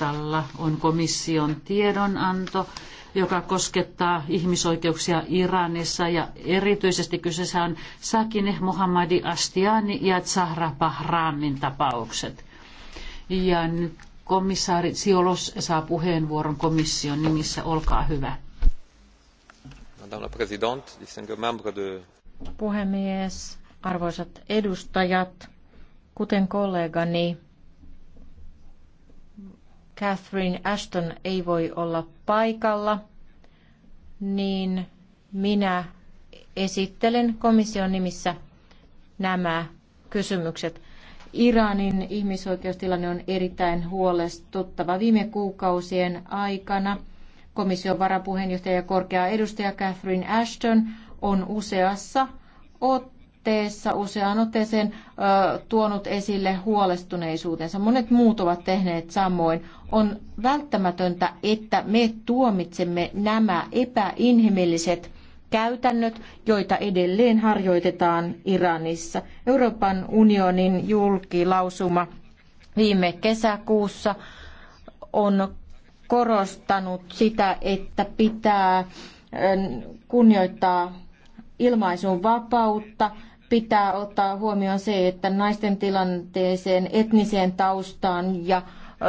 listalla on komission tiedonanto, joka koskettaa ihmisoikeuksia Iranissa ja erityisesti kyseessä on Sakine Mohammadi Astiani ja Zahra Bahramin tapaukset. Ja nyt komissaari Siolos saa puheenvuoron komission nimissä. Olkaa hyvä. Madame Puhemies, arvoisat edustajat, kuten kollegani Catherine Ashton ei voi olla paikalla, niin minä esittelen komission nimissä nämä kysymykset. Iranin ihmisoikeustilanne on erittäin huolestuttava. Viime kuukausien aikana komission varapuheenjohtaja ja korkea edustaja Catherine Ashton on useassa ot tiedotteessa useaan otteeseen ö, tuonut esille huolestuneisuutensa. Monet muut ovat tehneet samoin. On välttämätöntä, että me tuomitsemme nämä epäinhimilliset käytännöt, joita edelleen harjoitetaan Iranissa. Euroopan unionin julkilausuma viime kesäkuussa on korostanut sitä, että pitää kunnioittaa ilmaisun vapautta, pitää ottaa huomioon se, että naisten tilanteeseen, etniseen taustaan ja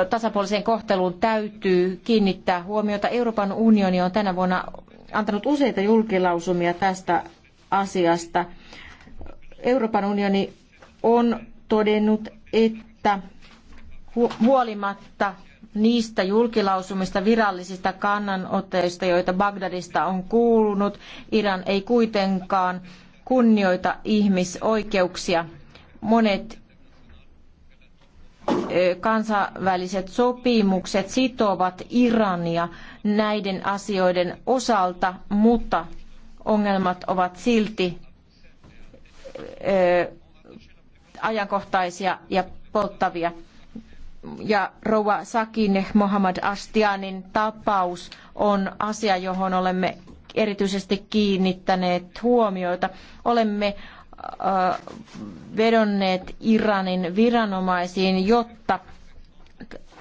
tasapuoliseen kohteluun täytyy kiinnittää huomiota. Euroopan unioni on tänä vuonna antanut useita julkilausumia tästä asiasta. Euroopan unioni on todennut, että huolimatta niistä julkilausumista virallisista kannanotteista, joita Bagdadista on kuulunut, Iran ei kuitenkaan kunnioita ihmisoikeuksia. Monet kansainväliset sopimukset sitovat Irania näiden asioiden osalta, mutta ongelmat ovat silti ajankohtaisia ja polttavia. Ja rouva Sakineh Mohammad Astianin tapaus on asia, johon olemme erityisesti kiinnittäneet huomioita. Olemme äh, vedonneet Iranin viranomaisiin, jotta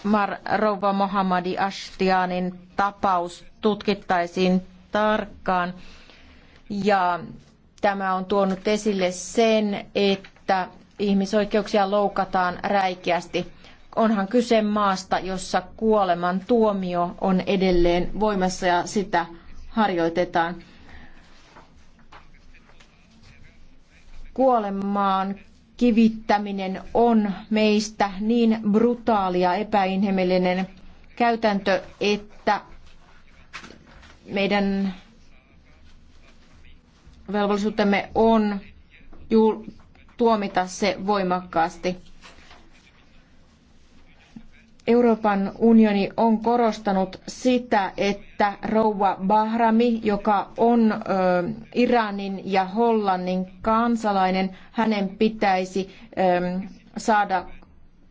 Mar Rouva Mohammadi Ashtianin tapaus tutkittaisiin tarkkaan. Ja tämä on tuonut esille sen, että ihmisoikeuksia loukataan räikeästi. Onhan kyse maasta, jossa kuoleman tuomio on edelleen voimassa ja sitä harjoitetaan. Kuolemaan kivittäminen on meistä niin brutaali ja epäinhimillinen käytäntö, että meidän velvollisuutemme on tuomita se voimakkaasti. Euroopan unioni on korostanut sitä, että rouva Bahrami, joka on Iranin ja Hollannin kansalainen, hänen pitäisi saada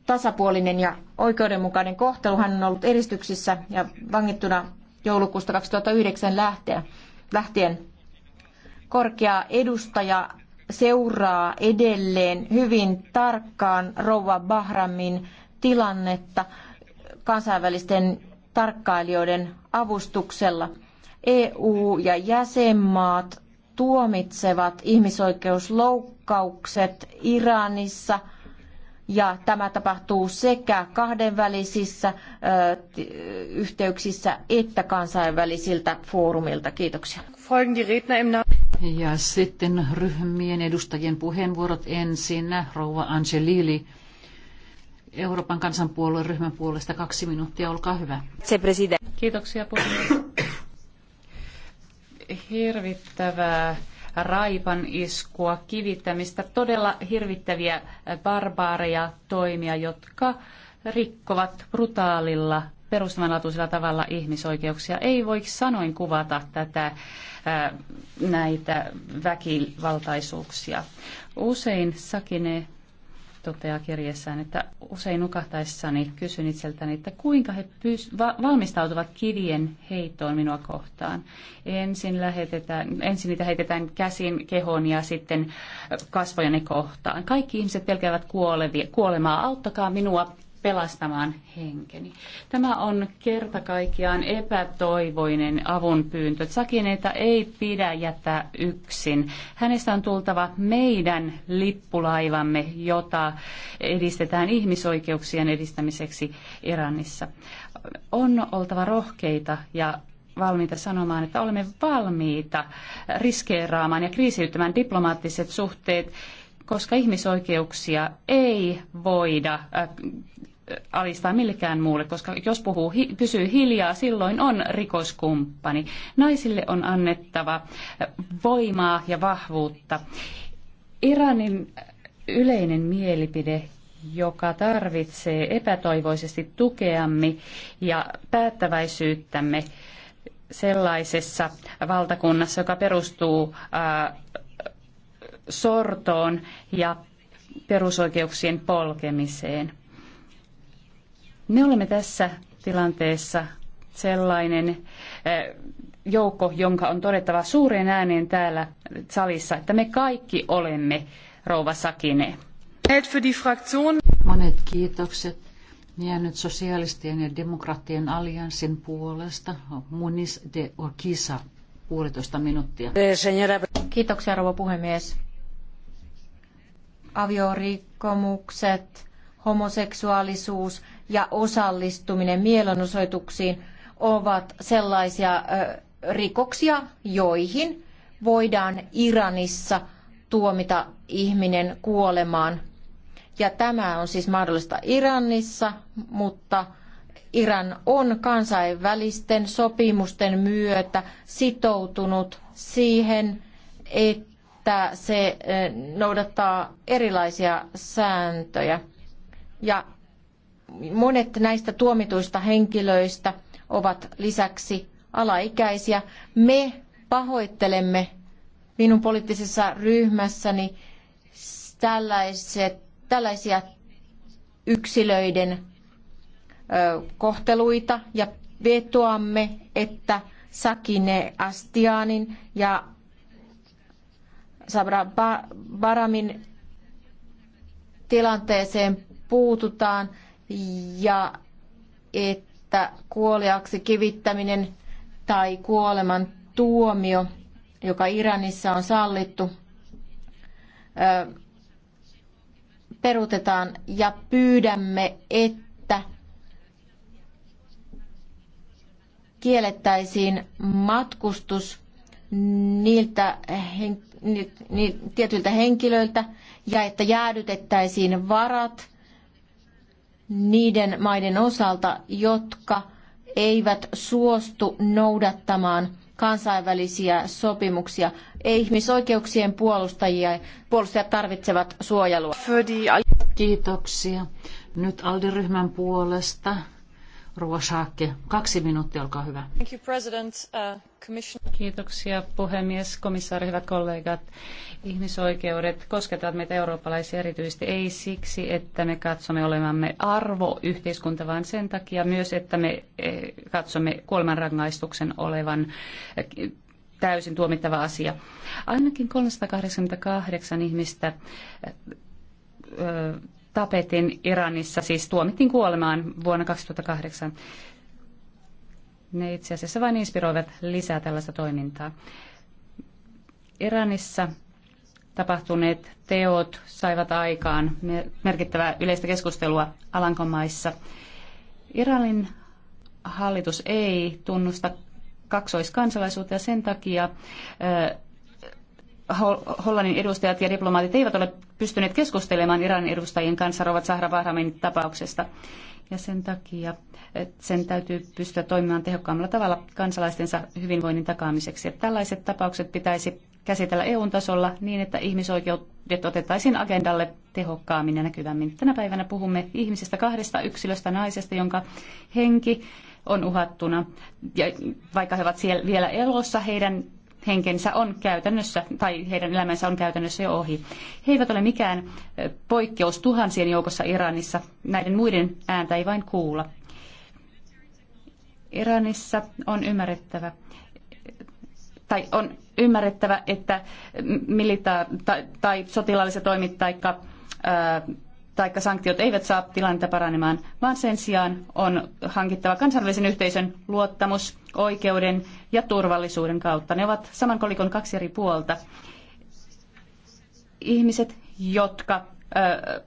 tasapuolinen ja oikeudenmukainen kohtelu. Hän on ollut eristyksissä ja vangittuna joulukuusta 2009 lähtien. lähtien. Korkea edustaja seuraa edelleen hyvin tarkkaan rouva Bahramin tilannetta kansainvälisten tarkkailijoiden avustuksella. EU ja jäsenmaat tuomitsevat ihmisoikeusloukkaukset Iranissa ja tämä tapahtuu sekä kahdenvälisissä yhteyksissä että kansainvälisiltä foorumilta. Kiitoksia. Ja sitten ryhmien edustajien puheenvuorot ensin. Rouva Angelili. Euroopan kansanpuolueen ryhmän puolesta kaksi minuuttia, olkaa hyvä. Se president. Kiitoksia puhemies. Hirvittävää raivan iskua, kivittämistä, todella hirvittäviä barbaareja toimia, jotka rikkovat brutaalilla perustavanlaatuisella tavalla ihmisoikeuksia. Ei voi sanoin kuvata tätä, näitä väkivaltaisuuksia. Usein Sakine toteaa kirjeessään, että usein nukahtaessani kysyn itseltäni, että kuinka he pyst- va- valmistautuvat kivien heittoon minua kohtaan. Ensin, lähetetään, ensin niitä heitetään käsin, kehoon ja sitten kasvojani kohtaan. Kaikki ihmiset pelkäävät kuolevia, kuolemaa. Auttakaa minua pelastamaan henkeni. Tämä on kerta kaikkiaan epätoivoinen avunpyyntö. Sakineita ei pidä jättää yksin. Hänestä on tultava meidän lippulaivamme, jota edistetään ihmisoikeuksien edistämiseksi Iranissa. On oltava rohkeita ja valmiita sanomaan, että olemme valmiita riskeeraamaan ja kriisiyttämään diplomaattiset suhteet koska ihmisoikeuksia ei voida äh, alistaa millekään muulle, koska jos puhuu, hi, pysyy hiljaa, silloin on rikoskumppani. Naisille on annettava voimaa ja vahvuutta. Iranin yleinen mielipide, joka tarvitsee epätoivoisesti tukeamme ja päättäväisyyttämme sellaisessa valtakunnassa, joka perustuu ää, sortoon ja perusoikeuksien polkemiseen – me olemme tässä tilanteessa sellainen eh, joukko, jonka on todettava suureen ääneen täällä salissa, että me kaikki olemme rouva Sakine. Monet kiitokset. Minä nyt sosiaalistien ja demokraattien allianssin puolesta Munis de Orkisa, puolitoista minuuttia. Kiitoksia rouva puhemies. Aviorikkomukset, homoseksuaalisuus, ja osallistuminen mielenosoituksiin ovat sellaisia rikoksia, joihin voidaan Iranissa tuomita ihminen kuolemaan. Ja tämä on siis mahdollista Iranissa, mutta Iran on kansainvälisten sopimusten myötä sitoutunut siihen, että se noudattaa erilaisia sääntöjä. Ja Monet näistä tuomituista henkilöistä ovat lisäksi alaikäisiä. Me pahoittelemme minun poliittisessa ryhmässäni tällaiset, tällaisia yksilöiden kohteluita ja vetoamme, että Sakine Astianin ja Sabra Baramin tilanteeseen puututaan ja että kuoliaksi kivittäminen tai kuoleman tuomio, joka Iranissa on sallittu, perutetaan ja pyydämme, että kiellettäisiin matkustus niiltä hen, ni, ni, tietyiltä henkilöiltä ja että jäädytettäisiin varat niiden maiden osalta, jotka eivät suostu noudattamaan kansainvälisiä sopimuksia. Ihmisoikeuksien puolustajia, puolustajat tarvitsevat suojelua. Kiitoksia. Nyt Aldi-ryhmän puolesta Rouva Saakke, kaksi minuuttia, olkaa hyvä. Uh, Kiitoksia puhemies, komissaari, hyvät kollegat. Ihmisoikeudet koskettavat meitä eurooppalaisia erityisesti ei siksi, että me katsomme olemamme arvo yhteiskunta, vaan sen takia myös, että me eh, katsomme kuolemanrangaistuksen olevan eh, täysin tuomittava asia. Ainakin 388 ihmistä eh, tapetin Iranissa, siis tuomittiin kuolemaan vuonna 2008. Ne itse asiassa vain inspiroivat lisää tällaista toimintaa. Iranissa tapahtuneet teot saivat aikaan merkittävää yleistä keskustelua Alankomaissa. Iranin hallitus ei tunnusta kaksoiskansalaisuutta ja sen takia Hollannin edustajat ja diplomaatit eivät ole pystyneet keskustelemaan Iranin edustajien kanssa Rovat Sahra-Bahramin tapauksesta. Ja sen takia sen täytyy pystyä toimimaan tehokkaammalla tavalla kansalaistensa hyvinvoinnin takaamiseksi. Että tällaiset tapaukset pitäisi käsitellä EU-tasolla niin, että ihmisoikeudet otettaisiin agendalle tehokkaammin ja näkyvämmin. Tänä päivänä puhumme ihmisestä kahdesta yksilöstä naisesta, jonka henki on uhattuna. Ja vaikka he ovat siellä vielä elossa, heidän henkensä on käytännössä, tai heidän elämänsä on käytännössä jo ohi. He eivät ole mikään poikkeus tuhansien joukossa Iranissa. Näiden muiden ääntä ei vain kuulla. Iranissa on ymmärrettävä, tai on ymmärrettävä, että milita- tai, tai sotilaalliset toimit tai taikka sanktiot eivät saa tilannetta paranemaan, vaan sen sijaan on hankittava kansainvälisen yhteisön luottamus oikeuden ja turvallisuuden kautta. Ne ovat saman kolikon kaksi eri puolta. Ihmiset, jotka, äh,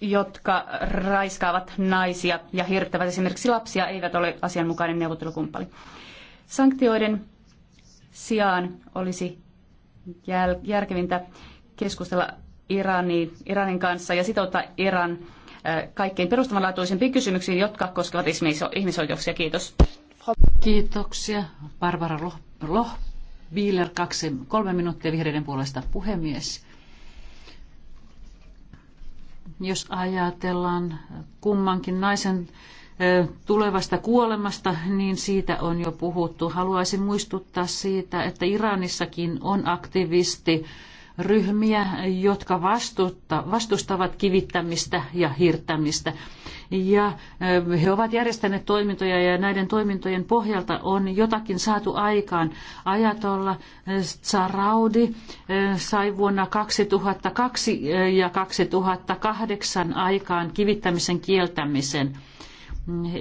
jotka raiskaavat naisia ja hirttävät esimerkiksi lapsia, eivät ole asianmukainen neuvottelukumppani. Sanktioiden sijaan olisi järkevintä keskustella Irani, Iranin kanssa ja sitouttaa Iran äh, kaikkein perustavanlaatuisempiin kysymyksiin, jotka koskevat ihmisoikeuksia. Kiitos. Kiitoksia. Barbara Loh, Loh Bieler, kaksi, kolme minuuttia vihreiden puolesta puhemies. Jos ajatellaan kummankin naisen tulevasta kuolemasta, niin siitä on jo puhuttu. Haluaisin muistuttaa siitä, että Iranissakin on aktivisti ryhmiä, jotka vastustavat kivittämistä ja hirttämistä. Ja he ovat järjestäneet toimintoja ja näiden toimintojen pohjalta on jotakin saatu aikaan. Ajatolla Sarraudi sai vuonna 2002 ja 2008 aikaan kivittämisen kieltämisen.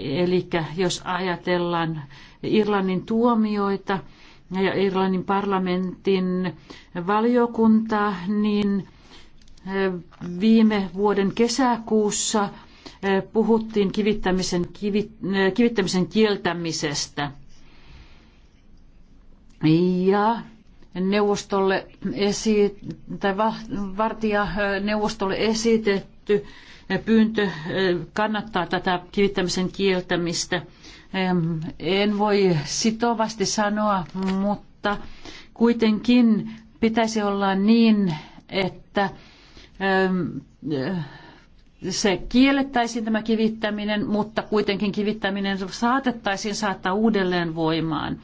Eli jos ajatellaan Irlannin tuomioita, ja Irlannin parlamentin valiokunta, niin viime vuoden kesäkuussa puhuttiin kivittämisen, kivit, kivittämisen kieltämisestä. Ja neuvostolle esi- tai vartija neuvostolle esitetty pyyntö kannattaa tätä kivittämisen kieltämistä – en voi sitovasti sanoa, mutta kuitenkin pitäisi olla niin, että se kiellettäisiin tämä kivittäminen, mutta kuitenkin kivittäminen saatettaisiin saattaa uudelleen voimaan.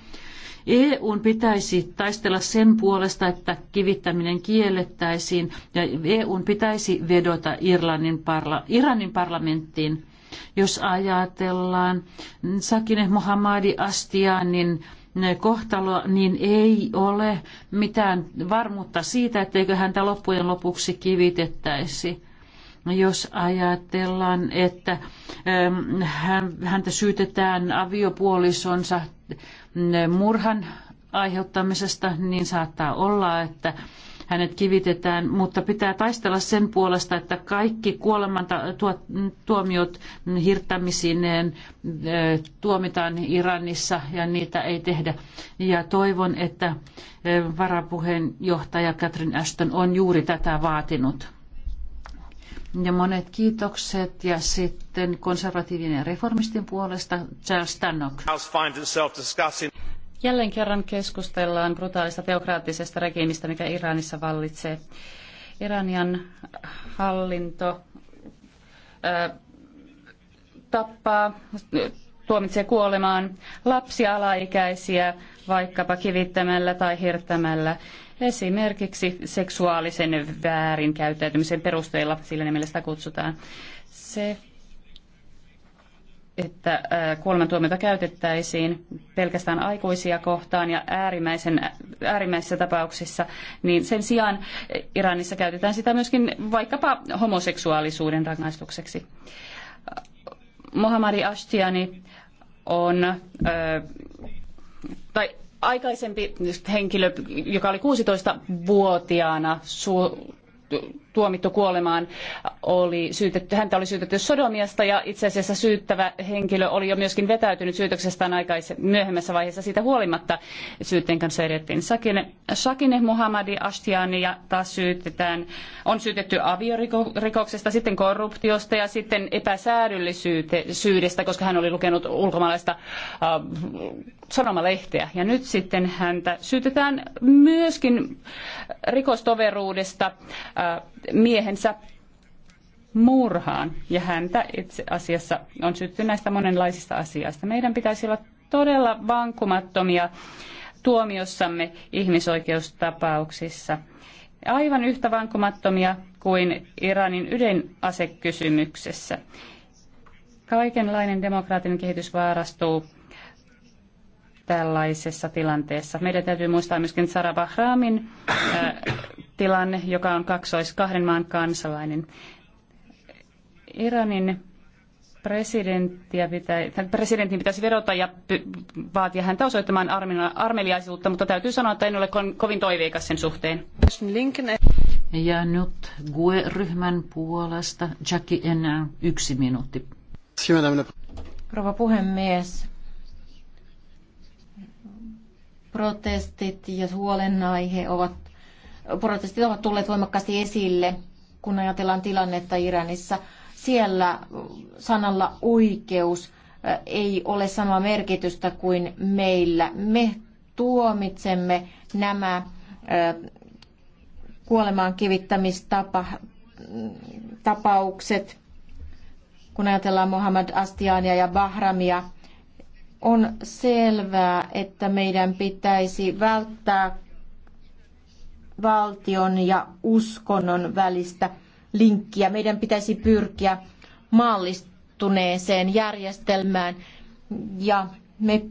EUn pitäisi taistella sen puolesta, että kivittäminen kiellettäisiin ja EUn pitäisi vedota Irlannin parla- Iranin parlamenttiin jos ajatellaan Sakine Mohammadi Astianin kohtalo, niin ei ole mitään varmuutta siitä, etteikö häntä loppujen lopuksi kivitettäisi. Jos ajatellaan, että ähm, häntä syytetään aviopuolisonsa äh, murhan aiheuttamisesta, niin saattaa olla, että hänet kivitetään, mutta pitää taistella sen puolesta, että kaikki kuolemantuomiot hirttämisineen tuomitaan Iranissa ja niitä ei tehdä. Ja toivon, että varapuheenjohtaja Catherine Ashton on juuri tätä vaatinut. Ja monet kiitokset. Ja sitten konservatiivinen reformistin puolesta Charles Tannock. Jälleen kerran keskustellaan brutaalista teokraattisesta regiimistä, mikä Iranissa vallitsee. Iranian hallinto ää, tappaa, tuomitsee kuolemaan lapsia alaikäisiä vaikkapa kivittämällä tai hirttämällä esimerkiksi seksuaalisen väärinkäyttäytymisen perusteella, sillä nimellä sitä kutsutaan. Se että kuolemantuomiota käytettäisiin pelkästään aikuisia kohtaan ja äärimmäisen, äärimmäisissä tapauksissa, niin sen sijaan Iranissa käytetään sitä myöskin vaikkapa homoseksuaalisuuden rangaistukseksi. Mohammadi Ashtiani on, tai aikaisempi henkilö, joka oli 16-vuotiaana, su- tuomittu kuolemaan, oli syytetty, häntä oli syytetty sodomiasta ja itse asiassa syyttävä henkilö oli jo myöskin vetäytynyt syytöksestään aikaisen, myöhemmässä vaiheessa siitä huolimatta. Syytteen kanssa edettiin Sakine, Sakine Muhammadi Ashtiani ja taas syytetään, on syytetty aviorikoksesta, sitten korruptiosta ja sitten epäsäädyllisyydestä koska hän oli lukenut ulkomaalaista äh, sanomalehteä. Ja nyt sitten häntä syytetään myöskin rikostoveruudesta äh, miehensä murhaan ja häntä itse asiassa on syytty näistä monenlaisista asioista. Meidän pitäisi olla todella vankumattomia tuomiossamme ihmisoikeustapauksissa. Aivan yhtä vankumattomia kuin Iranin ydinasekysymyksessä. Kaikenlainen demokraattinen kehitys vaarastuu tällaisessa tilanteessa. Meidän täytyy muistaa myöskin Sara Bahramin äh, tilanne, joka on kaksois kahden maan kansalainen. Iranin presidenttiä pitä, presidentin pitäisi vedota ja vaatia häntä osoittamaan armeliaisuutta, mutta täytyy sanoa, että en ole kovin toiveikas sen suhteen. Ja nyt GUE-ryhmän puolesta Jackie enää yksi minuutti. Rouva puhemies, protestit ja huolenaihe ovat protestit ovat tulleet voimakkaasti esille, kun ajatellaan tilannetta Iranissa. Siellä sanalla oikeus äh, ei ole samaa merkitystä kuin meillä. Me tuomitsemme nämä äh, kuolemaan kivittämistapaukset, kun ajatellaan Mohammad Astiania ja Bahramia, on selvää, että meidän pitäisi välttää valtion ja uskonnon välistä linkkiä. Meidän pitäisi pyrkiä maallistuneeseen järjestelmään ja me,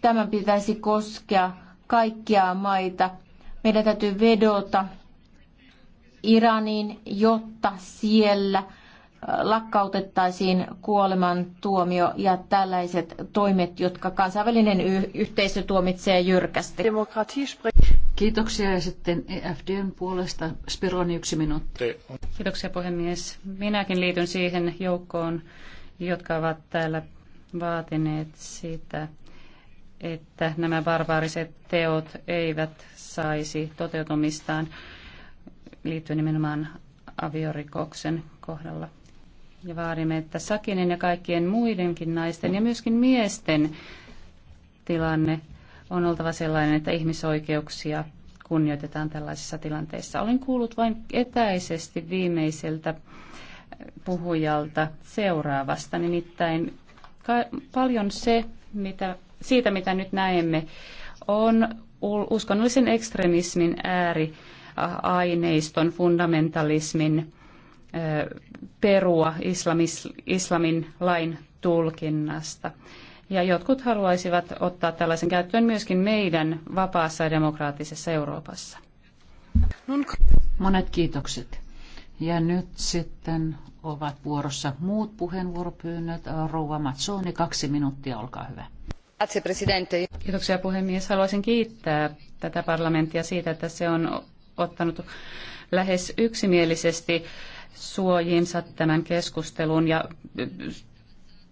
tämän pitäisi koskea kaikkia maita. Meidän täytyy vedota Iraniin, jotta siellä äh, lakkautettaisiin kuolemantuomio ja tällaiset toimet, jotka kansainvälinen yhteisö tuomitsee jyrkästi. Kiitoksia ja sitten EFDn puolesta Spironi yksi minuutti. Kiitoksia puhemies. Minäkin liityn siihen joukkoon, jotka ovat täällä vaatineet sitä, että nämä barbaariset teot eivät saisi toteutumistaan liittyen nimenomaan aviorikoksen kohdalla. Ja vaadimme, että Sakinen ja kaikkien muidenkin naisten ja myöskin miesten tilanne on oltava sellainen, että ihmisoikeuksia kunnioitetaan tällaisissa tilanteissa. Olin kuullut vain etäisesti viimeiseltä puhujalta seuraavasta, nimittäin paljon se, mitä, siitä mitä nyt näemme, on uskonnollisen ekstremismin ääri aineiston fundamentalismin perua islamis, islamin lain tulkinnasta. Ja jotkut haluaisivat ottaa tällaisen käyttöön myöskin meidän vapaassa ja demokraattisessa Euroopassa. Monet kiitokset. Ja nyt sitten ovat vuorossa muut puheenvuoropyynnöt. Rouva Matsoni, kaksi minuuttia, olkaa hyvä. Kiitoksia puhemies. Haluaisin kiittää tätä parlamenttia siitä, että se on ottanut lähes yksimielisesti suojinsa tämän keskustelun ja,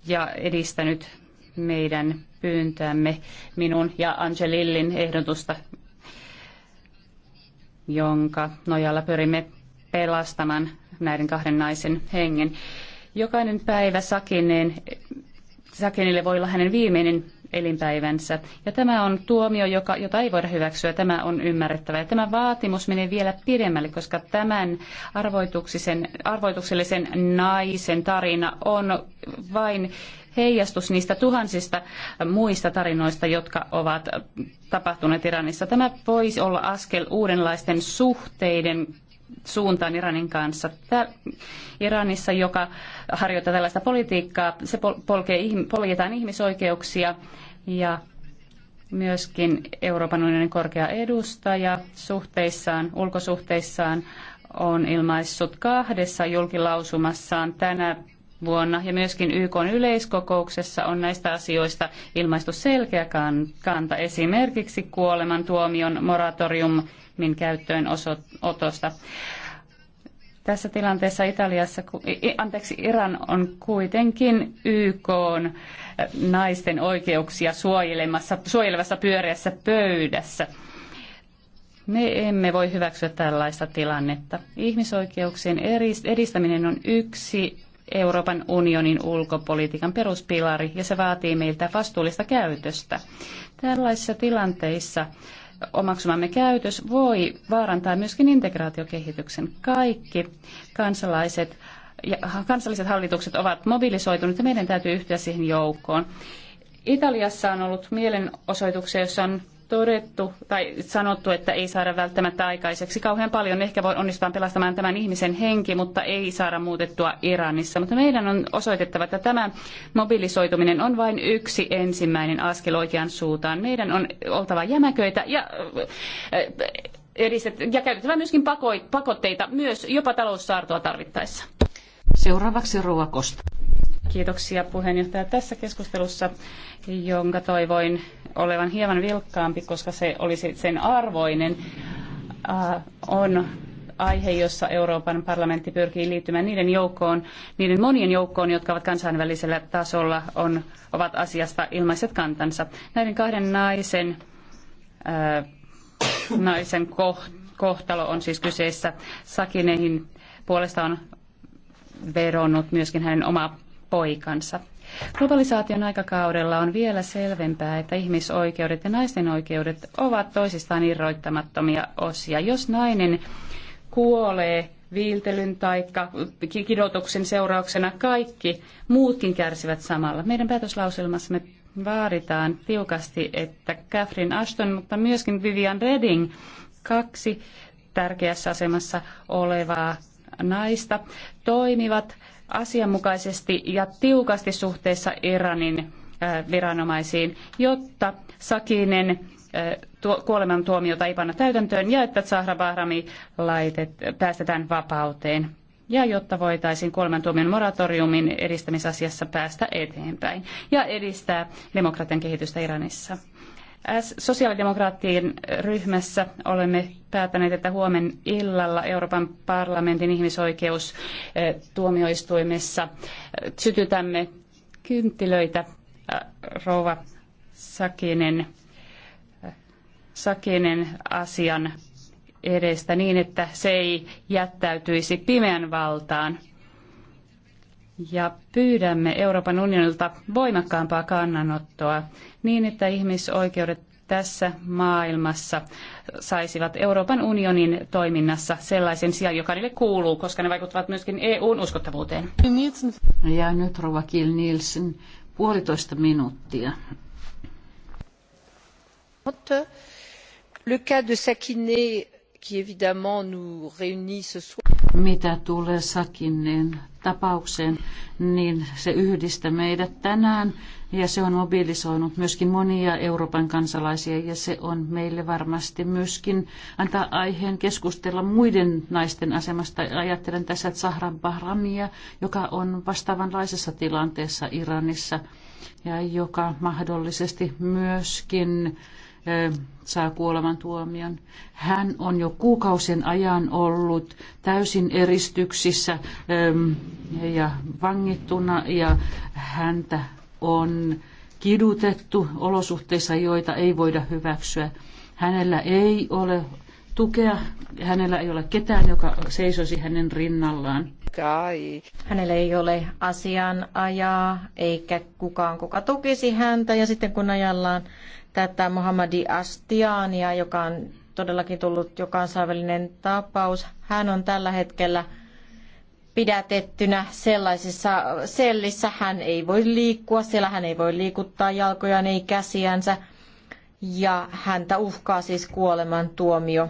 ja edistänyt meidän pyyntämme minun ja Angelillin ehdotusta, jonka nojalla pyrimme pelastamaan näiden kahden naisen hengen. Jokainen päivä Sakineen, Sakinille voi olla hänen viimeinen elinpäivänsä. Ja tämä on tuomio, joka, jota ei voida hyväksyä. Tämä on ymmärrettävä. Ja tämä vaatimus menee vielä pidemmälle, koska tämän arvoituksellisen naisen tarina on vain heijastus niistä tuhansista muista tarinoista, jotka ovat tapahtuneet Iranissa. Tämä voisi olla askel uudenlaisten suhteiden suuntaan Iranin kanssa. Tää Iranissa, joka harjoittaa tällaista politiikkaa, se polkee, poljetaan ihmisoikeuksia ja myöskin Euroopan unionin korkea edustaja suhteissaan, ulkosuhteissaan on ilmaissut kahdessa julkilausumassaan tänä vuonna ja myöskin YK yleiskokouksessa on näistä asioista ilmaistu selkeä kanta esimerkiksi kuolemantuomion moratoriumin käyttöön otosta. Tässä tilanteessa Italiassa, anteeksi, Iran on kuitenkin YK äh, naisten oikeuksia suojelemassa, suojelevassa pyöreässä pöydässä. Me emme voi hyväksyä tällaista tilannetta. Ihmisoikeuksien edistäminen on yksi Euroopan unionin ulkopolitiikan peruspilari ja se vaatii meiltä vastuullista käytöstä. Tällaisissa tilanteissa omaksumamme käytös voi vaarantaa myöskin integraatiokehityksen. Kaikki kansalaiset ja kansalliset hallitukset ovat mobilisoituneet ja meidän täytyy yhtyä siihen joukkoon. Italiassa on ollut mielenosoituksia, joissa on todettu tai sanottu, että ei saada välttämättä aikaiseksi kauhean paljon. Ehkä voi onnistua pelastamaan tämän ihmisen henki, mutta ei saada muutettua Iranissa. Mutta meidän on osoitettava, että tämä mobilisoituminen on vain yksi ensimmäinen askel oikeaan suuntaan. Meidän on oltava jämäköitä ja äh, edistet, ja käytettävä myöskin pakotteita, myös jopa taloussaartoa tarvittaessa. Seuraavaksi Rova Kiitoksia puheenjohtaja. Tässä keskustelussa, jonka toivoin olevan hieman vilkkaampi, koska se olisi sen arvoinen, äh, on aihe, jossa Euroopan parlamentti pyrkii liittymään niiden joukkoon, niiden monien joukkoon, jotka ovat kansainvälisellä tasolla on, ovat asiasta ilmaiset kantansa. Näiden kahden naisen, äh, naisen kohtalo on siis kyseessä. Sakinehin puolesta on veronnut myöskin hänen oma poikansa. Globalisaation aikakaudella on vielä selvempää, että ihmisoikeudet ja naisten oikeudet ovat toisistaan irroittamattomia osia. Jos nainen kuolee viiltelyn tai kidotuksen seurauksena, kaikki muutkin kärsivät samalla. Meidän päätöslauselmassamme vaaditaan tiukasti, että Catherine Ashton, mutta myöskin Vivian Redding, kaksi tärkeässä asemassa olevaa naista, toimivat asianmukaisesti ja tiukasti suhteessa Iranin äh, viranomaisiin, jotta Sakinen äh, kuolemantuomiota ei panna täytäntöön ja että Zahra Bahrami laitet, päästetään vapauteen ja jotta voitaisiin kuolemantuomion moratoriumin edistämisasiassa päästä eteenpäin ja edistää demokratian kehitystä Iranissa. Sosiaalidemokraattien ryhmässä olemme päättäneet, että huomen illalla Euroopan parlamentin ihmisoikeustuomioistuimessa eh, eh, sytytämme kynttilöitä eh, rouva Sakinen, Sakinen asian edestä niin, että se ei jättäytyisi pimeän valtaan ja pyydämme Euroopan unionilta voimakkaampaa kannanottoa niin, että ihmisoikeudet tässä maailmassa saisivat Euroopan unionin toiminnassa sellaisen sijan, joka niille kuuluu, koska ne vaikuttavat myöskin EUn uskottavuuteen. Ja nyt Rova Kiel Nielsen, puolitoista minuuttia. Uh, le cas de qui évidemment nous réunit ce soir. Mitä tulee Sakineen tapaukseen, niin se yhdistää meidät tänään ja se on mobilisoinut myöskin monia Euroopan kansalaisia ja se on meille varmasti myöskin antaa aiheen keskustella muiden naisten asemasta. Ajattelen tässä Zahran Bahramia, joka on vastaavanlaisessa tilanteessa Iranissa ja joka mahdollisesti myöskin saa tuomion. Hän on jo kuukausien ajan ollut täysin eristyksissä ja vangittuna ja häntä on kidutettu olosuhteissa, joita ei voida hyväksyä. Hänellä ei ole tukea, hänellä ei ole ketään, joka seisosi hänen rinnallaan. Kai. Hänellä ei ole asian eikä kukaan, kuka tukisi häntä. Ja sitten kun ajallaan tätä Mohammadi Astiania, joka on todellakin tullut jo kansainvälinen tapaus. Hän on tällä hetkellä pidätettynä sellaisessa sellissä. Hän ei voi liikkua siellä, hän ei voi liikuttaa jalkojaan, ei käsiänsä. Ja häntä uhkaa siis kuoleman tuomio.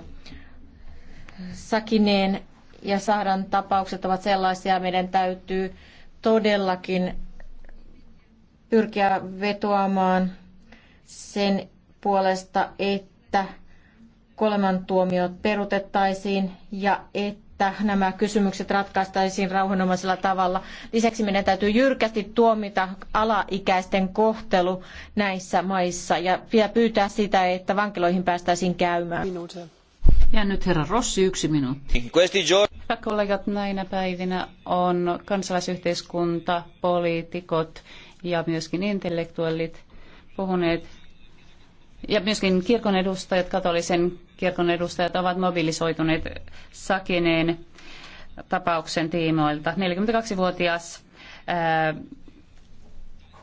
Sakineen ja Sahdan tapaukset ovat sellaisia, meidän täytyy todellakin pyrkiä vetoamaan sen puolesta, että kuolemantuomiot perutettaisiin ja että nämä kysymykset ratkaistaisiin rauhanomaisella tavalla. Lisäksi meidän täytyy jyrkästi tuomita alaikäisten kohtelu näissä maissa ja vielä pyytää sitä, että vankiloihin päästäisiin käymään. Minuutia. Ja nyt herra Rossi, yksi minuutti. Hyvä kollegat, näinä päivinä on kansalaisyhteiskunta, poliitikot ja myöskin intellektuellit puhuneet ja myöskin kirkon edustajat, katolisen kirkon edustajat ovat mobilisoituneet Sakineen tapauksen tiimoilta. 42-vuotias ää,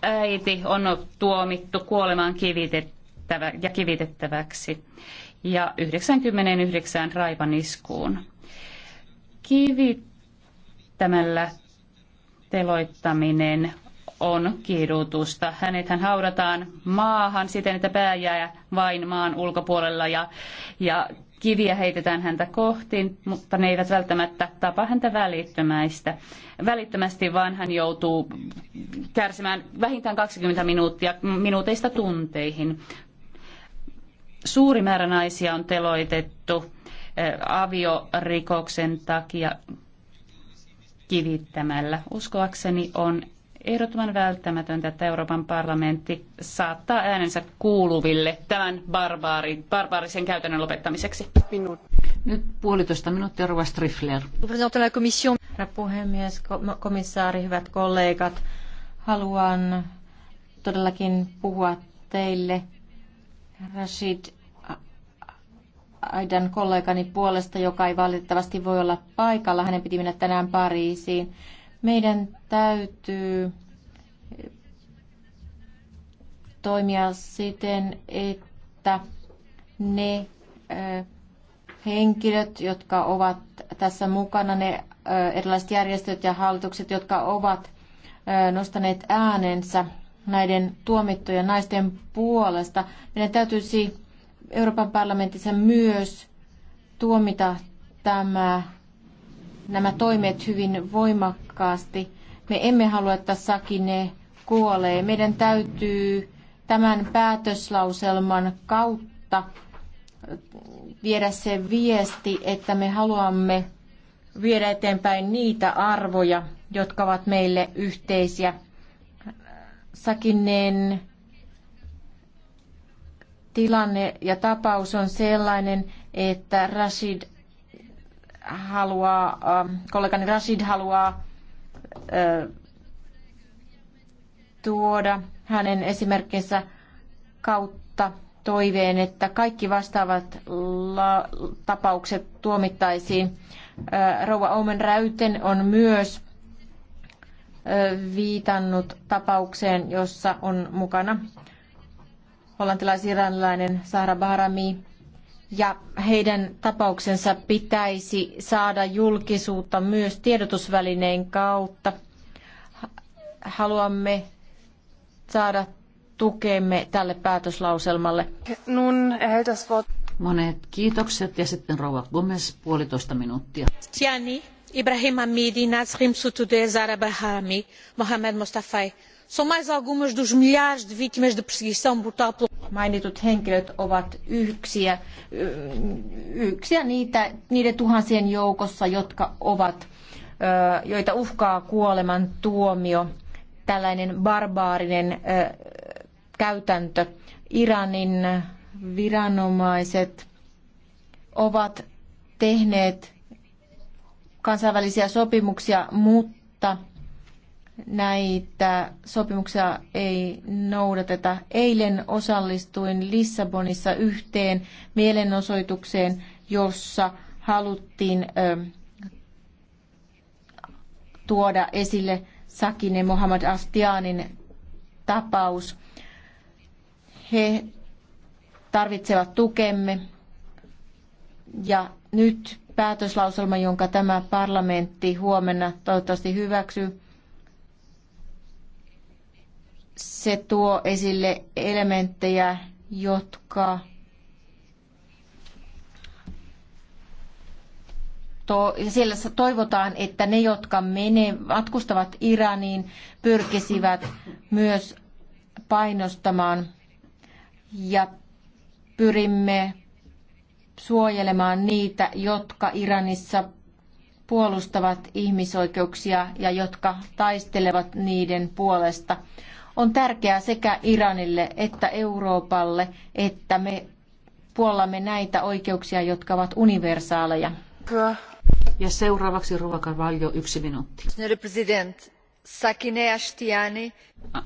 äiti on tuomittu kuolemaan kivitettävä, ja kivitettäväksi ja 99 raipan iskuun. Kivittämällä teloittaminen on kidutusta. Hänet hän haudataan maahan siten, että pää jää vain maan ulkopuolella ja, ja kiviä heitetään häntä kohti, mutta ne eivät välttämättä tapa häntä välittömästi. Välittömästi vaan hän joutuu kärsimään vähintään 20 minuuttia minuuteista tunteihin. Suuri määrä naisia on teloitettu eh, aviorikoksen takia kivittämällä. Uskoakseni on ehdottoman välttämätöntä, että Euroopan parlamentti saattaa äänensä kuuluville tämän barbaari, barbaarisen käytännön lopettamiseksi. Minuut. Nyt puolitoista minuuttia, Rova Strifler. Herra puhemies, komissaari, hyvät kollegat, haluan todellakin puhua teille Rashid Aidan kollegani puolesta, joka ei valitettavasti voi olla paikalla. Hänen piti mennä tänään Pariisiin. Meidän täytyy toimia siten, että ne henkilöt, jotka ovat tässä mukana, ne erilaiset järjestöt ja hallitukset, jotka ovat nostaneet äänensä näiden tuomittujen naisten puolesta. Meidän täytyisi Euroopan parlamentissa myös tuomita tämä, nämä toimet hyvin voimakkaasti voimakkaasti. Me emme halua, että Sakine kuolee. Meidän täytyy tämän päätöslauselman kautta viedä se viesti, että me haluamme viedä eteenpäin niitä arvoja, jotka ovat meille yhteisiä. Sakineen tilanne ja tapaus on sellainen, että Rashid haluaa, ähm, kollegani Rashid haluaa tuoda hänen esimerkkinsä kautta toiveen, että kaikki vastaavat tapaukset tuomittaisiin. Rouva Omen Räyten on myös viitannut tapaukseen, jossa on mukana hollantilais-iranilainen Sahra Bahrami, ja heidän tapauksensa pitäisi saada julkisuutta myös tiedotusvälineen kautta. Haluamme saada tukemme tälle päätöslauselmalle. Nun Monet kiitokset ja sitten rouva Gomez puolitoista minuuttia. Tiani, Ibrahim Hamidi, Nazrim Sutudeh, Zara Bahami, Mohamed Mustafai, são mais algumas dos milhares de vítimas de perseguição brutal pelo mainitut henkilöt ovat yksiä, yksiä niitä, niiden tuhansien joukossa, jotka ovat, joita uhkaa kuoleman tuomio, tällainen barbaarinen käytäntö. Iranin viranomaiset ovat tehneet kansainvälisiä sopimuksia, mutta näitä sopimuksia ei noudateta. Eilen osallistuin Lissabonissa yhteen mielenosoitukseen, jossa haluttiin ö, tuoda esille Sakine Mohamed Astianin tapaus. He tarvitsevat tukemme ja nyt päätöslauselma, jonka tämä parlamentti huomenna toivottavasti hyväksyy, se tuo esille elementtejä, jotka to, siellä toivotaan, että ne, jotka mene, matkustavat Iraniin, pyrkisivät myös painostamaan ja pyrimme suojelemaan niitä, jotka Iranissa puolustavat ihmisoikeuksia ja jotka taistelevat niiden puolesta on tärkeää sekä Iranille että Euroopalle, että me puollamme näitä oikeuksia, jotka ovat universaaleja. Ja seuraavaksi Ruva yksi minuutti. Sakine Ashtiani.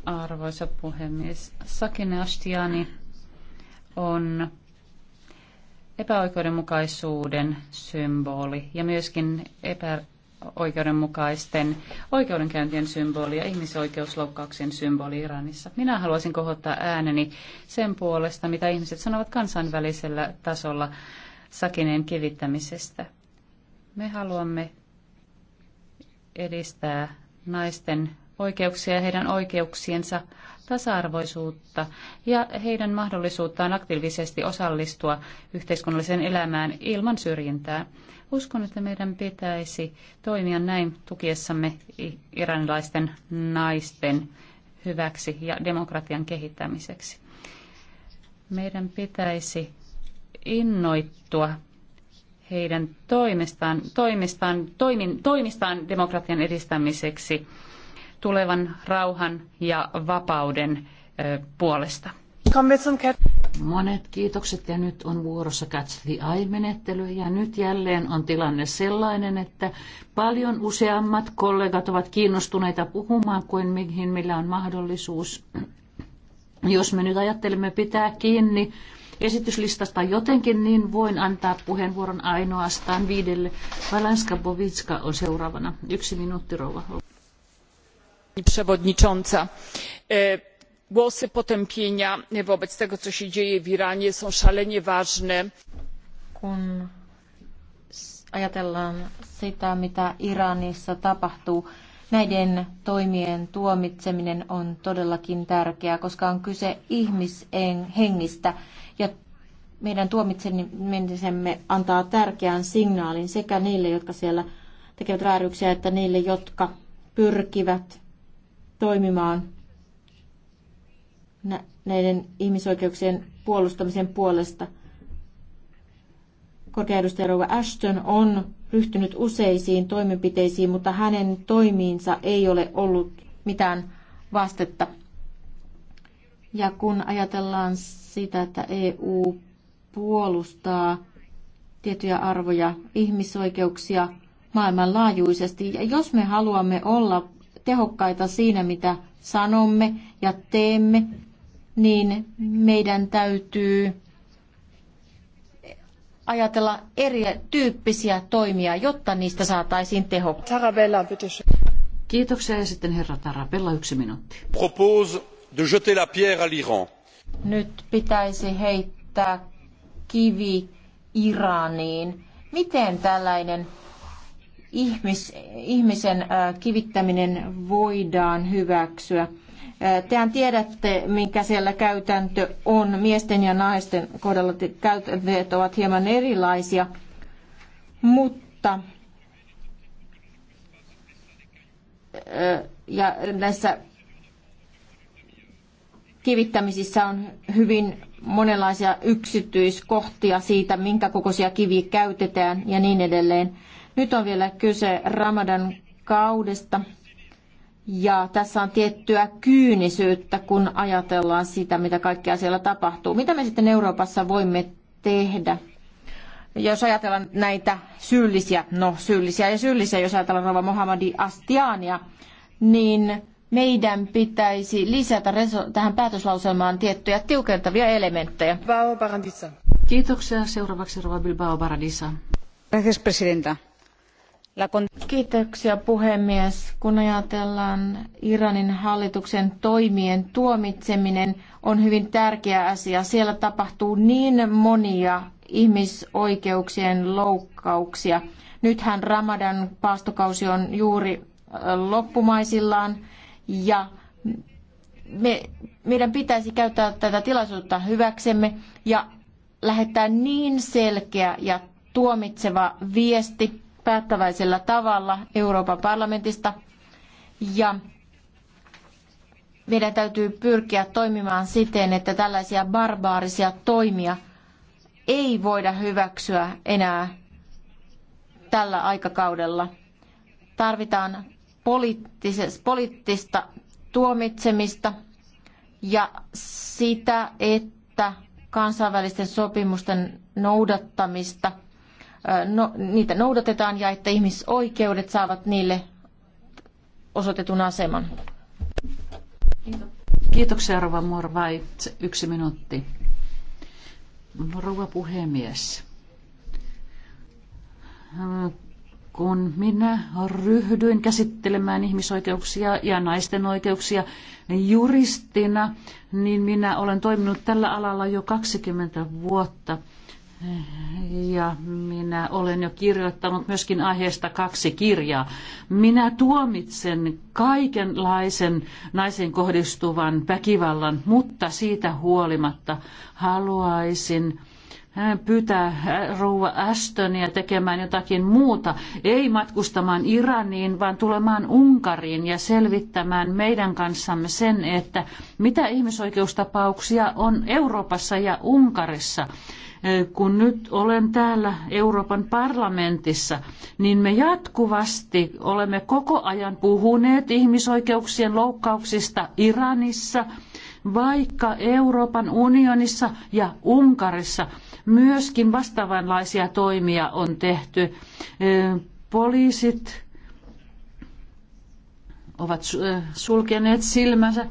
Arvoisa puhemies, Sakine Ashtiani on epäoikeudenmukaisuuden symboli ja myöskin epä, oikeudenmukaisten oikeudenkäyntien symboli ja ihmisoikeusloukkauksien symboli Iranissa. Minä haluaisin kohottaa ääneni sen puolesta, mitä ihmiset sanovat kansainvälisellä tasolla Sakineen kivittämisestä. Me haluamme edistää naisten oikeuksia ja heidän oikeuksiensa tasa-arvoisuutta ja heidän mahdollisuuttaan aktiivisesti osallistua yhteiskunnalliseen elämään ilman syrjintää. Uskon, että meidän pitäisi toimia näin tukiessamme iranilaisten naisten hyväksi ja demokratian kehittämiseksi. Meidän pitäisi innoittua heidän toimestaan, toimistaan, toimin, toimistaan demokratian edistämiseksi tulevan rauhan ja vapauden ö, puolesta. Monet kiitokset ja nyt on vuorossa Catch the Eye-menettely ja nyt jälleen on tilanne sellainen, että paljon useammat kollegat ovat kiinnostuneita puhumaan kuin mihin millä on mahdollisuus. Jos me nyt ajattelemme pitää kiinni esityslistasta jotenkin, niin voin antaa puheenvuoron ainoastaan viidelle. Valanska Bovitska on seuraavana. Yksi minuutti, rouva. Przewodnicząca. E, głosy potępienia wobec tego co się dzieje w iranie są szalenie ważne. kun ajatellaan sitä mitä iranissa tapahtuu näiden toimien tuomitseminen on todellakin tärkeää koska on kyse ihmishengistä ja meidän tuomitsemisemme antaa tärkeän signaalin sekä niille jotka siellä tekevät vääryyksiä että niille jotka pyrkivät toimimaan näiden ihmisoikeuksien puolustamisen puolesta. Korkeaedustaja Rova Ashton on ryhtynyt useisiin toimenpiteisiin, mutta hänen toimiinsa ei ole ollut mitään vastetta. Ja kun ajatellaan sitä, että EU puolustaa tiettyjä arvoja, ihmisoikeuksia maailmanlaajuisesti, ja jos me haluamme olla tehokkaita siinä, mitä sanomme ja teemme, niin meidän täytyy ajatella eri tyyppisiä toimia, jotta niistä saataisiin teho. Tarabella, Kiitoksia ja sitten herra Tarabella yksi minuutti. Propose de jeter la pierre à l'Iran. Nyt pitäisi heittää kivi Iraniin. Miten tällainen ihmis, ihmisen äh, kivittäminen voidaan hyväksyä? Tehän tiedätte, mikä siellä käytäntö on. Miesten ja naisten kohdalla käytänteet ovat hieman erilaisia, mutta ja näissä kivittämisissä on hyvin monenlaisia yksityiskohtia siitä, minkä kokoisia kiviä käytetään ja niin edelleen. Nyt on vielä kyse Ramadan kaudesta, ja tässä on tiettyä kyynisyyttä, kun ajatellaan sitä, mitä kaikkea siellä tapahtuu. Mitä me sitten Euroopassa voimme tehdä? Jos ajatellaan näitä syyllisiä, no syyllisiä ja syyllisiä, jos ajatellaan Rova Mohammadi Astiania, niin meidän pitäisi lisätä tähän päätöslauselmaan tiettyjä tiukentavia elementtejä. Kiitoksia. Seuraavaksi Rova Bilbao Paradisa. Gracias, presidenta Kiitoksia puhemies. Kun ajatellaan Iranin hallituksen toimien tuomitseminen on hyvin tärkeä asia. Siellä tapahtuu niin monia ihmisoikeuksien loukkauksia. Nythän Ramadan paastokausi on juuri loppumaisillaan ja me, meidän pitäisi käyttää tätä tilaisuutta hyväksemme ja lähettää niin selkeä ja tuomitseva viesti päättäväisellä tavalla Euroopan parlamentista ja meidän täytyy pyrkiä toimimaan siten, että tällaisia barbaarisia toimia ei voida hyväksyä enää tällä aikakaudella. Tarvitaan poliittista tuomitsemista ja sitä, että kansainvälisten sopimusten noudattamista – no, niitä noudatetaan ja että ihmisoikeudet saavat niille osoitetun aseman. Kiitoksia, Rova Morvai. Yksi minuutti. Rova puhemies, kun minä ryhdyin käsittelemään ihmisoikeuksia ja naisten oikeuksia juristina, niin minä olen toiminut tällä alalla jo 20 vuotta – ja minä olen jo kirjoittanut myöskin aiheesta kaksi kirjaa. Minä tuomitsen kaikenlaisen naisen kohdistuvan väkivallan, mutta siitä huolimatta haluaisin äh, pyytää äh, rouva Astonia tekemään jotakin muuta, ei matkustamaan Iraniin, vaan tulemaan Unkariin ja selvittämään meidän kanssamme sen, että mitä ihmisoikeustapauksia on Euroopassa ja Unkarissa – kun nyt olen täällä Euroopan parlamentissa, niin me jatkuvasti olemme koko ajan puhuneet ihmisoikeuksien loukkauksista Iranissa, vaikka Euroopan unionissa ja Unkarissa myöskin vastaavanlaisia toimia on tehty. Poliisit ovat sulkeneet silmänsä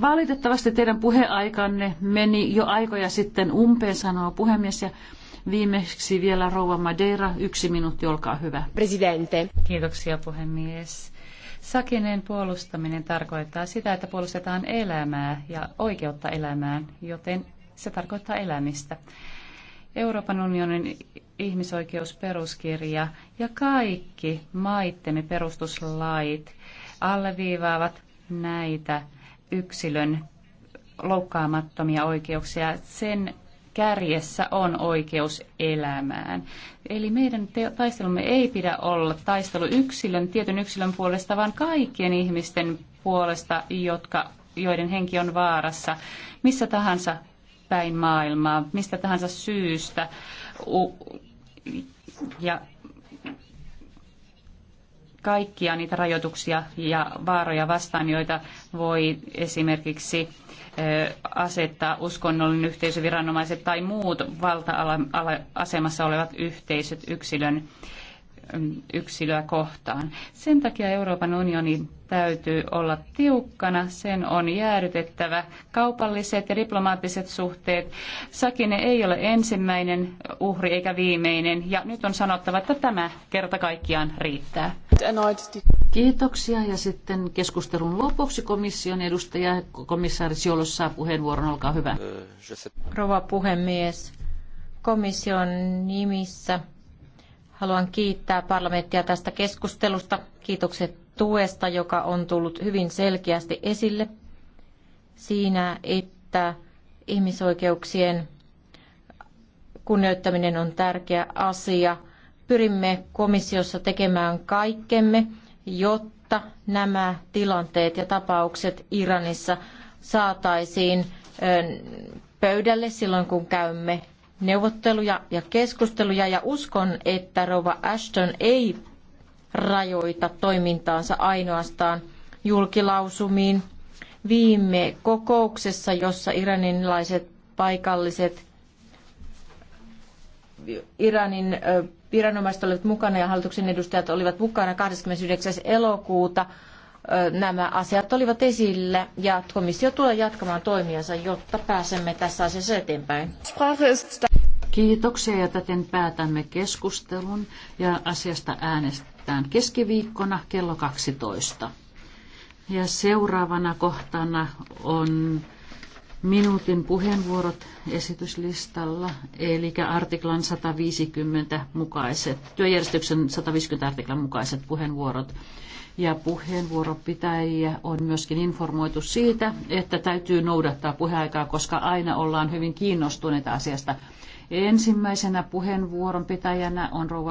Valitettavasti teidän puheaikanne meni jo aikoja sitten umpeen, sanoo puhemies. Ja viimeksi vielä rouva Madeira, yksi minuutti, olkaa hyvä. Presidente. Kiitoksia puhemies. Sakinen puolustaminen tarkoittaa sitä, että puolustetaan elämää ja oikeutta elämään, joten se tarkoittaa elämistä. Euroopan unionin ihmisoikeusperuskirja ja kaikki maittemme perustuslait alleviivaavat näitä yksilön loukkaamattomia oikeuksia. Sen kärjessä on oikeus elämään. Eli meidän te- taistelumme ei pidä olla taistelu yksilön, tietyn yksilön puolesta, vaan kaikkien ihmisten puolesta, jotka, joiden henki on vaarassa missä tahansa päin maailmaa, mistä tahansa syystä. ja kaikkia niitä rajoituksia ja vaaroja vastaan, joita voi esimerkiksi asettaa uskonnollinen yhteisö, viranomaiset tai muut valta-asemassa olevat yhteisöt yksilön yksilöä kohtaan. Sen takia Euroopan unionin täytyy olla tiukkana, sen on jäädytettävä kaupalliset ja diplomaattiset suhteet. Sakine ei ole ensimmäinen uhri eikä viimeinen, ja nyt on sanottava, että tämä kerta kaikkiaan riittää. Kiitoksia, ja sitten keskustelun lopuksi komission edustaja, komissaari Siolos saa puheenvuoron, olkaa hyvä. Rova puhemies, komission nimissä Haluan kiittää parlamenttia tästä keskustelusta. Kiitokset tuesta, joka on tullut hyvin selkeästi esille siinä, että ihmisoikeuksien kunnioittaminen on tärkeä asia. Pyrimme komissiossa tekemään kaikkemme, jotta nämä tilanteet ja tapaukset Iranissa saataisiin pöydälle silloin, kun käymme neuvotteluja ja keskusteluja ja uskon, että rouva Ashton ei rajoita toimintaansa ainoastaan julkilausumiin. Viime kokouksessa, jossa iranilaiset paikalliset Iranin viranomaiset olivat mukana ja hallituksen edustajat olivat mukana 29. elokuuta, nämä asiat olivat esillä ja komissio tulee jatkamaan toimiansa, jotta pääsemme tässä asiassa eteenpäin. Kiitoksia ja täten päätämme keskustelun ja asiasta äänestetään keskiviikkona kello 12. Ja seuraavana kohtana on minuutin puheenvuorot esityslistalla, eli artiklan 150 mukaiset, työjärjestyksen 150 artiklan mukaiset puheenvuorot ja puheenvuoropitäjiä on myöskin informoitu siitä, että täytyy noudattaa puheaikaa, koska aina ollaan hyvin kiinnostuneita asiasta. Ensimmäisenä puheenvuoron pitäjänä on rouva